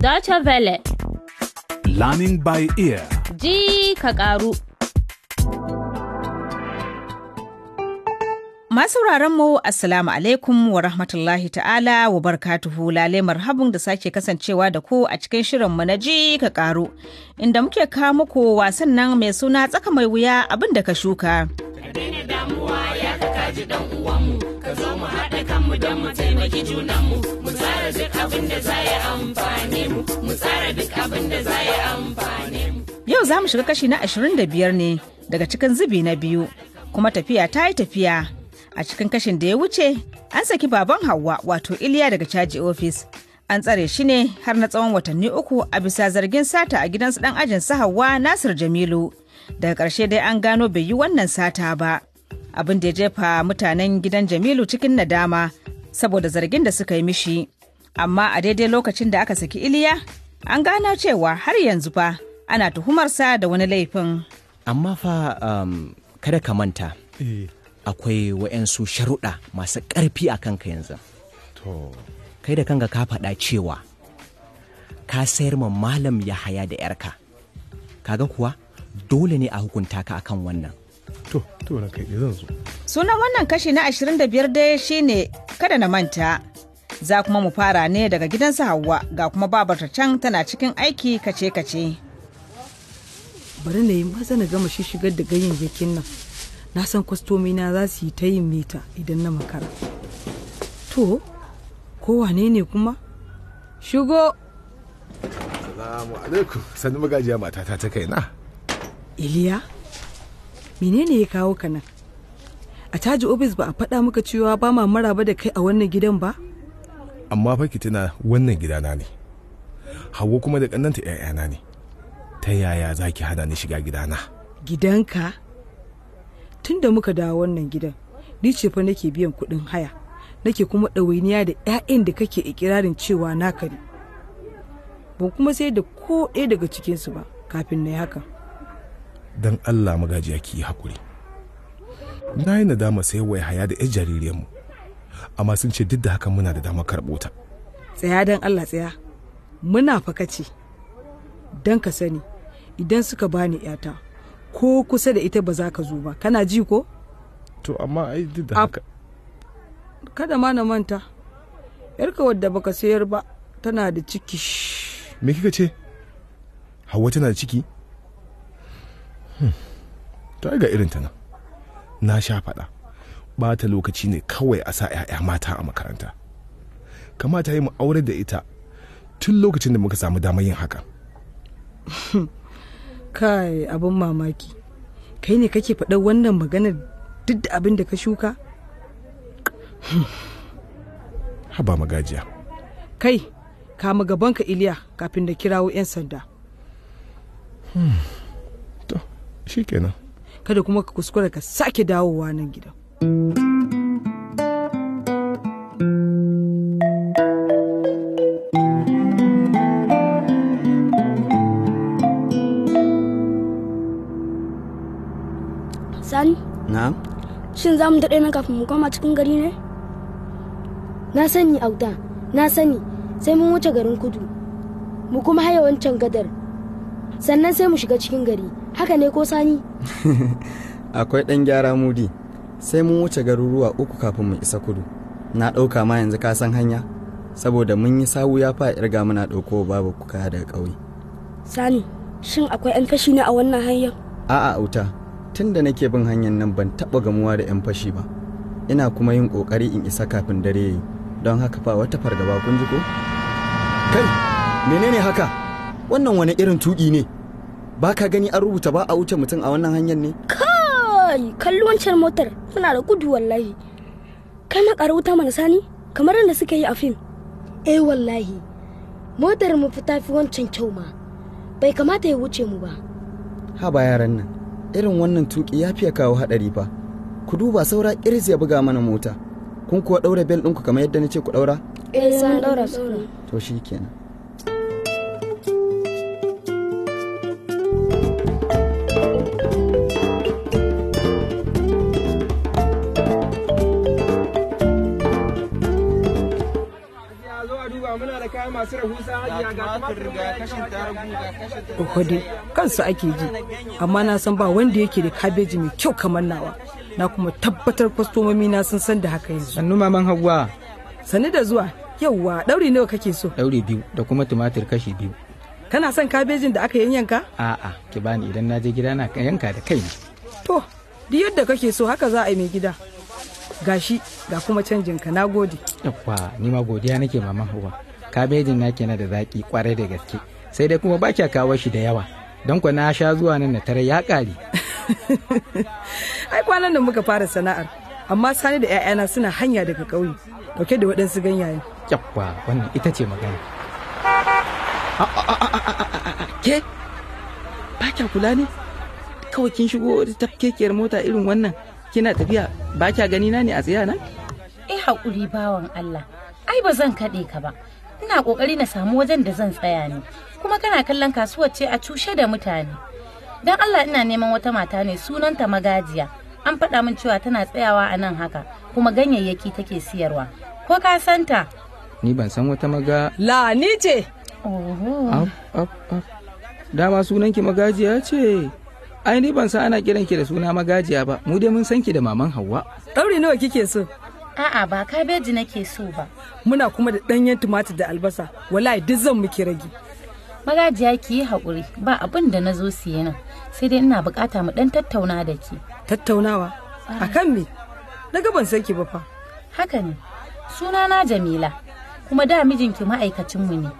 Dacha Vele. Learning by ear. Ji ka karu. Masu mu Assalamu alaikum wa rahmatullahi ta'ala wa barkatuhu lale marhabin da sake kasancewa da ku a cikin shirin mu na ji ka karu inda muke kawo muku wasan nan mai suna tsaka mai wuya abin da ka shuka. Ka daina damuwa ya ka kaji dan uwanmu ka zo mu hada mu don mu taimaki junanmu mu tsara duk abin da za yi amfane mu mu tsara duk abin da za yi amfane mu yau za mu shiga kashi na ashirin da biyar ne daga cikin zubi na biyu kuma tafiya ta yi tafiya a cikin kashin da ya wuce an saki baban Hauwa, wato iliya daga caji ofis an tsare shi ne har na tsawon watanni uku a bisa zargin sata a gidansu dan ajin su Hauwa, nasir jamilu daga ƙarshe dai an gano bai yi wannan sata ba abin da ya jefa mutanen gidan Jamilu cikin nadama saboda zargin da suka yi mishi. Amma a daidai lokacin da aka saki Iliya, an gano cewa har yanzu fa ana tuhumarsa da wani laifin. Amma fa um, kada ka manta, eh. akwai wa'yansu sharuɗa masu ƙarfi a kanka yanzu. Kai da kanka ka faɗa cewa ka sayar ma malam Yahaya da 'yarka. Kaga kuwa dole ne a hukunta ka akan wannan. To, to na kai zan zo. Sunan wannan kashi na 25 dai shine kada na manta. Za kuma mu fara ne daga su Hauwa ga kuma babarta can tana cikin aiki kace-kace. Bari na yi maza na gama shi shigar da ganyayyakin nan. Na san na za su yi ta yin mita idan na makara. To, kowane ne kuma? Shigo! Salamu alaikum, sani magajiya matata ta kaina. Iliya? menene ya kawo ka nan a caji ofis ba a faɗa maka cewa ba ma mara ba da kai a wannan gidan ba amma fa ki tana wannan gidana ne hawa kuma da kannanta ƴaƴana ne ta yaya za ki hana ni shiga gidana gidanka tun da muka dawo wannan gidan ni ce fa nake biyan kuɗin haya nake kuma ɗawainiya da 'ya'yan da kake ikirarin cewa naka ne ban kuma sai da ko ɗaya daga cikinsu ba kafin na yi hakan don allah magajiya ki yi haƙuri na yi nadama sai wai haya da ‘yar jaririyarmu amma sun ce duk da haka muna da damar karɓo ta tsaya don allah tsaya muna fakaci don ka sani idan suka bani yata ko kusa da ita ba za ka zo ba kana ji ko to amma ai duk da haka kada ma na manta yarka wadda baka sayar ba tana da ciki me kika ce hawa tana da ciki Hmm. ta ga irin ta nan na sha faɗa bata lokaci ne kawai a sa 'ya'ya mata a makaranta kamata yi mu aure da ita tun lokacin da muka samu damar yin haka kai abin mamaki kai ne kake faɗar wannan maganar duk da abin da ka shuka haba magajiya kai kama gabanka iliya kafin da kirawo 'yan sanda hmm. shikenan kada kuma ka kuskura ka sake dawowa nan gidan Sani? na. Shin za mu daɗe nan kafin mu koma cikin gari ne? Na sani Auda, na sani sai mun wuce garin kudu. Mu kuma haya wancan gadar sannan sai mu shiga cikin gari haka ne ko sani akwai ɗan gyara mudi sai mun wuce garuruwa uku kafin mu isa kudu na ɗauka ma yanzu ka san hanya saboda mun yi sawu ya fa irga muna ɗauko babu kuka daga ƙauye sani shin akwai 'yan fashi ne a wannan hanyar a'a auta tun da nake bin hanyar nan ban taɓa gamuwa da 'yan fashi ba ina kuma yin ƙoƙari in isa kafin dare don haka fa wata fargaba kun ji ko kai menene haka wannan wani irin tuƙi ne ba ka gani an rubuta ba a wuce mutum a wannan hanyar ne kai kalli wancan motar tana da gudu wallahi kai ƙara wuta mana sani kamar yadda suka yi a fim eh wallahi motar mu fita fi wancan kyau ma bai kamata ya wuce mu ba ha yaran nan irin wannan tuƙi ya fiye kawo haɗari fa ku duba saura iris ya buga mana mota kun kuwa daura bel ɗinku kamar yadda na ce ku daura eh, eh san daura to shikenan Oho kansu ake ji amma na san ba wanda yake da kabeji mai kyau kamar nawa na kuma tabbatar kwastomomi na sun san da haka yanzu. Sannu maman Hauwa. Sannu da zuwa yauwa ɗauri nawa kake so? Ɗauri biyu da kuma tumatir kashi biyu. Kana son kabejin da aka yanyanka? A'a ki bani idan na je gida na yanka da kaina. To duk yadda kake so haka za a yi mai gida. Gashi ga kuma canjinka na gode. Yawwa ni ma godiya nake maman Hauwa. kabejin naki na da zaki kwarai da gaske sai dai kuma ba kya kawo shi da yawa don kwa na sha zuwa nan na tare ya ƙare. ai kwanan da muka fara sana'ar amma sani da 'ya'yana suna hanya daga ƙauye dauke da waɗansu ganyayen kyakwa wannan ita ce magana ke ba kya kula ne kawai kin shigo da tafkekiyar mota irin wannan kina tafiya ba kya gani na ne a tsaya na eh haƙuri bawan Allah ai ba zan kaɗe ka ba ina kokari na samu wajen da zan tsaya ne kuma kana kallon kasuwar ce a cushe da mutane dan Allah ina neman wata mata ne sunanta magajiya an faɗa min cewa tana tsayawa a nan haka kuma ganyayyaki take siyarwa ko ka santa ni ban san wata maga la ni ce dama sunanki magajiya ce ai ni ban san ana kiranki da suna magajiya ba mu dai mun san ki da maman Hauwa daure nawa kike so A'a ba kabeji nake so ba. Muna kuma da ɗanyen tumatir da albasa, wallahi duk zan muki rage. Magajiya ki yi haƙuri, ba abin da na zo siye nan, sai dai ina buƙata mu ɗan tattauna da ke. Tattaunawa? A kan me? Na ban san ki ba fa. Haka ne, sunana Jamila, kuma da mijinki ma'aikacinmu ne.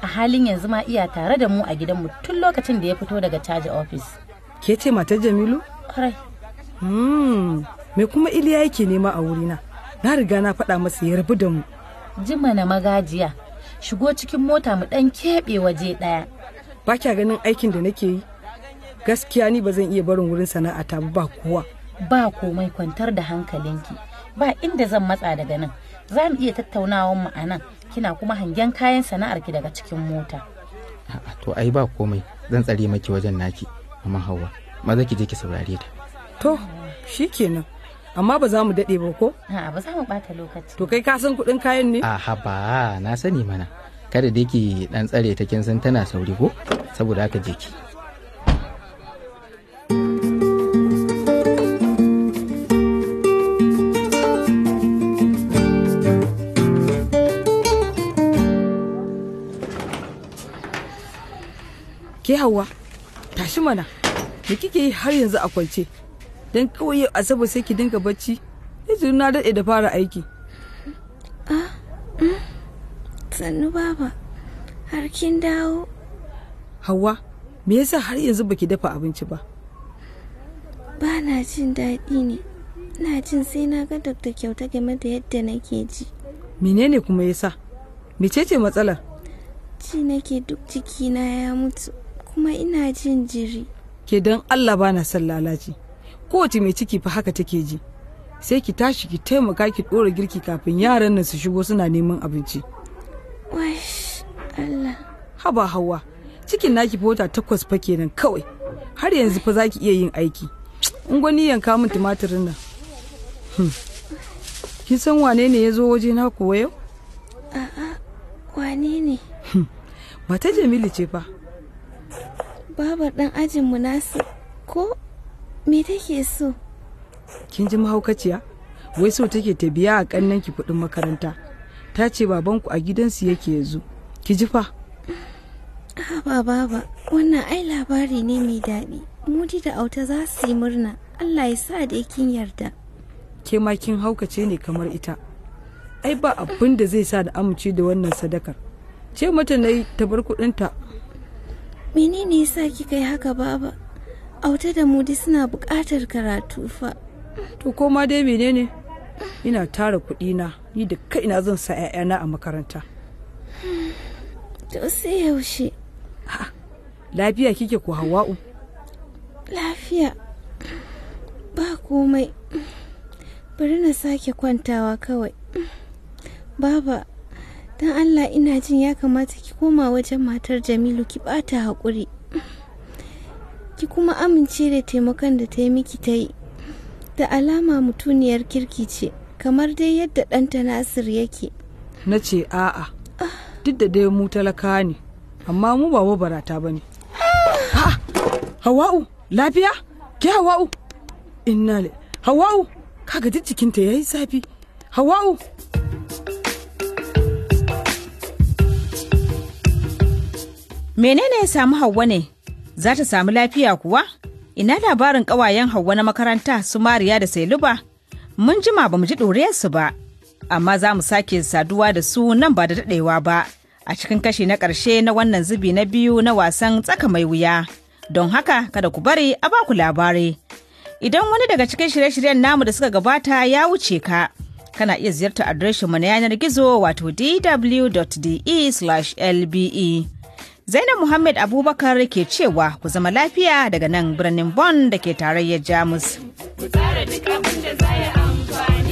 A halin yanzu ma iya tare da mu a gidanmu tun lokacin da ya fito daga caji ofis. Ke ce matar Jamilu? Kwarai. Hmm, me kuma Iliya yake nema a wurina? na riga na faɗa masa ya rabu da mu jima na magajiya shigo cikin mota mu ɗan keɓe waje ɗaya ba kya ganin aikin da nake yi gaskiya ni ba zan iya barin wurin ta ba kowa ba komai kwantar da hankalinki ba inda zan matsa daga nan za mu iya tattaunawa mu a nan kina kuma hangen kayan sana'ar ki daga cikin mota a'a to ai ba komai zan tsare maki wajen naki amma hawa maza ki je ki saurare ta to shikenan amma ba za mu daɗe ba ko? A'a ba za mu ɓata lokaci. To kai ka san kuɗin kayan ne? A'a ba na sani mana. Kada da yake ɗan tsare ta kin san tana sauri ko? Saboda haka je ki. Ke hawa, tashi mana, da kike yi har yanzu a kwance. don kawai yau asabar sai ki dinga bacci yanzu na daɗe da fara aiki ah, mm. sannu baba har kin dawo hawa me yasa har yanzu baki dafa abinci ba ba na jin daɗi ne na jin sai na ga dokta kyauta game da yadda nake ji menene kuma yasa mecece matsalar ji nake duk jikina ya mutu kuma ina jin jiri ke don allah ba na son lalaci kowace mai ciki fa haka take ji sai ki tashi ki taimaka ki ɗora girki kafin yaran nan su shigo suna neman abinci Allah haba hawa cikin naki fa wata takwas fa kenan kawai har yanzu fa zaki iya yin aiki in gwani yanka min tumatirin nan hmm. kin san wane ne ya zo waje na kuwa yau a'a wane ne hmm. mata jamilu ce fa babar dan ajin mu nasu ko me take so kin ji mahaukaciya wai so take ta biya a kannan ki kuɗin makaranta ta ce babanku a gidansu yake yanzu ki ji fa ba baba wannan ai labari ne mai daɗi mudi da auta za su yi murna allah ya sa da kin yarda ke ma kin haukace ne kamar ita ai ba abin da zai sa da amince da wannan sadakar ce mata na yi ta bar kuɗinta menene yasa kika yi haka baba auta da mudi suna buƙatar karatu fa to koma dai menene ina tara kuɗi na ni da kaina zan sa 'ya'yana a makaranta to sai yaushe lafiya kike ku hawa'u lafiya ba komai bari na sake kwantawa kawai baba don allah ina jin ya kamata ki koma wajen matar jamilu ki bata haƙuri ki kuma amince da taimakon da ta yi miki ta yi da alama mutuniyar kirki ce kamar dai yadda ɗanta nasir yake na ce a'a duk da dai mu talaka ne amma mu ba barata ba ne hawa'u lafiya ke hawa'u inna hawa'u kaga duk ya yi zafi hawa'u menene ya samu hawa ne za ta samu lafiya kuwa? Ina labarin ƙawayen Hauwa na makaranta su Mariya da Sailuba? Mun jima ba mu ji su ba, amma za mu sake saduwa da su nan ba da daɗewa ba a cikin kashi na ƙarshe na wannan zubi na biyu na wasan tsaka mai wuya. Don haka kada ku bari a ba ku labarai. Idan wani daga cikin shirye-shiryen namu da suka gabata ya wuce ka, kana iya ziyartar adireshinmu na yanar gizo wato dw.de/lbe. Zainab Muhammad Abubakar ke cewa ku zama lafiya daga nan birnin bon da ke tarayyar Jamus. Ku tsara da za amfani.